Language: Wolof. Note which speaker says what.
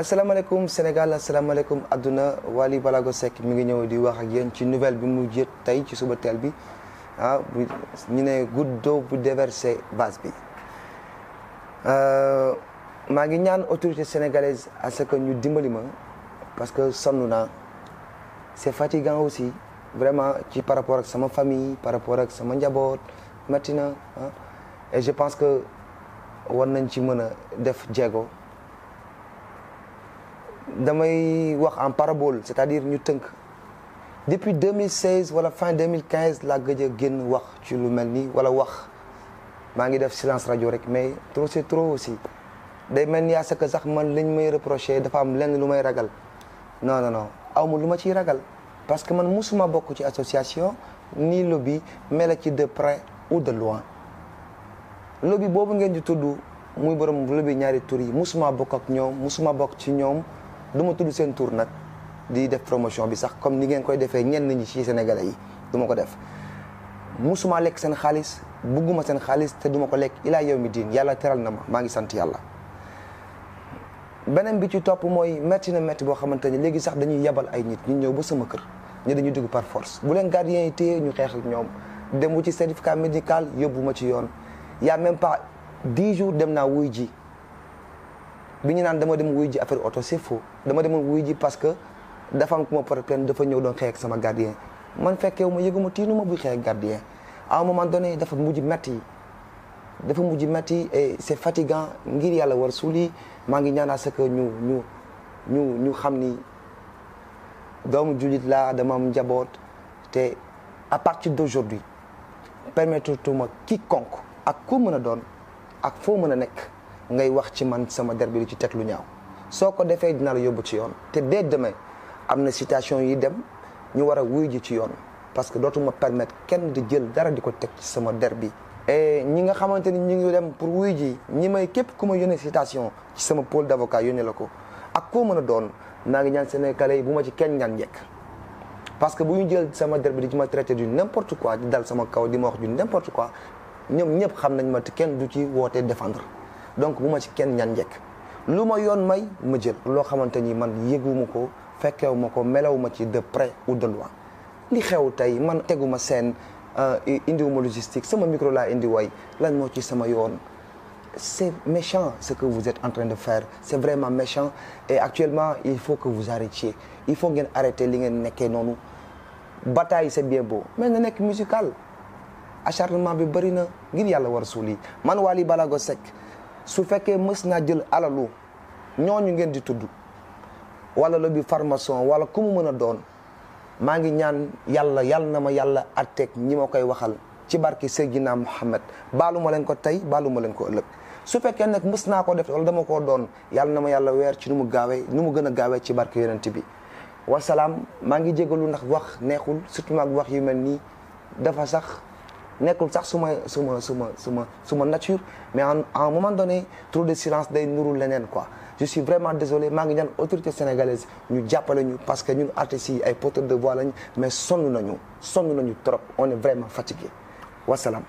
Speaker 1: asalaamaaleykum Sénégal asalaamaaleykum àdduna Wally Balago Seck mu ngi ñëw di wax ak yéen ci nouvelle bi mu jët tey ci suba teel bi ah ñu ne goutte d'eau bu déversé vase bi euh, maa ngi ñaan autorité sénégalaise à ce que ñu dimbali ma parce que sonn naa c'est fatigant aussi vraiment ci par rapport ak sama famille par rapport ak sama njaboot métti na je pense que war nañ ci mën a def jéego damay wax en parabole c'est-à-dire ñu tënk depuis 2016 wala fin 2015 laa gëj a génn wax ci lu mel ni wala wax maa ngi def silence rajo rek mais trop c'est trop aussi day mel ni yaa que sax man lañ may reprocher dafa am leng lu may ragal non non non aw ma lu ma ciy ragal parce que man musuma bokk ci association ni lobby mel ci de près ou de loin lobby boobu ngeen di tudd muy borom lobby ñaari tur yi musuma bokk ak ñoom musuma bokk ci ñoom duma ma tudd seen tur nag di def promotion bi sax comme ni ngeen koy defee ñenn ñi ci Sénégalais yi duma ko def musuma lekk seen xaalis bugguma seen xaalis te duma ko lekk ilaa yow mi diin yàlla teral na ma maa ngi sant yàlla beneen bi ci topp mooy metti na métti boo xamante ni léegi sax dañuy yebal ay nit ñu ñëw ba sama kër ñu dañuy dugg par force bu leen gardien yi téye ñu xeex ñoom dem wu ci certificat médical yóbbu ma ci yoon y a même pas dix jours dem naa wuy ji bi ñu naan dama dem wuy ji affaire oto c'est faux dama demoon wuy ji parce que dafa am ku ma porté dafa ñëw doon xeex sama gardien man fekkee fekkeewu ma yëguma tiinuma buy xeex ak gardien à un yi donné dafa mujj métti dafa mujj metti et c'est fatigant ngir yàlla war suuli maa ngi ñaan à ce ñu ñu ñu ñu xam ni doomu jullit laa dama am njaboot te à partir d'aujourd'hui permettre tuma quiconque ak ku mën a doon ak foo mën a nekk ngay wax ci man sama der bi ci teg lu ñaaw soo ko defee dina la yóbbu ci yoon te dès demee am na situation yi dem ñu war a wuy ji ci yoon parce que dootuma permettre kenn di jël dara di ko teg ci sama der bi et ñi nga xamante ni ñu ngi dem pour wuy ji ñi may képp ku ma yónnee citation ci sama pôle d' avocat yónnee la ko ak koo mën a doon naa ngi ñaan Sénégalais yi bu ma ci kenn ñaan njekk parce que bu ñu jël sama der bi di ci ma traité du n'importe quoi di dal sama kaw di ma wax du n'importe quoi ñoom ñëpp xam nañ ma te kenn du ci woote defendre donc bu ma ci kenn ñan njekk lu ma yoon may ma jël loo xamante ni man yëguma ko fekkewu ko melewu ma ci de près ou de loin li xew tey man teguma seen Euh, indiwuma logistique sama micro laa indi waay lan moo ci sama yoon c'est méchant ce que vous êtes en de faire c'est vraiment méchant et actuellement il faut que vous arrêtiez il faut ngeen arrêter li ngeen nekkee noonu bataille c'est bien beau mais na nekk musical acharnement bi bëri na ngir yàlla war suul yi man Wally Balago Seck su fekkee mës naa jël alalu ñooñu ngeen di tudd wala lobby farmason wala ku mu mën a doon maa ngi ñaan yàlla yàlla na ma yàlla àtteeg ñi ma koy waxal ci barke Seydina Muhammad baalu ma leen ko tey baalu ma leen ko ëllëg su fekkee nag mës naa koo def wala dama koo doon yàlla na ma yàlla weer ci nu mu gaawee nu mu gën a gaawee ci barke yonent bi wasalaam maa ngi jégalu ndax wax neexul surtout maag wax yu mel nii dafa sax nekkul sax suma suma suma suma suma nature mais en à un moment donné trop de silence day nuru leneen quoi je suis vraiment désolé maa ngi ñaan autorité sénégalaise ñu jàppale ñu parce que ñun artistes yi ay porteurs de voix lañ mais sonn nañu sonn nañu trop on est vraiment fatigué wasalaam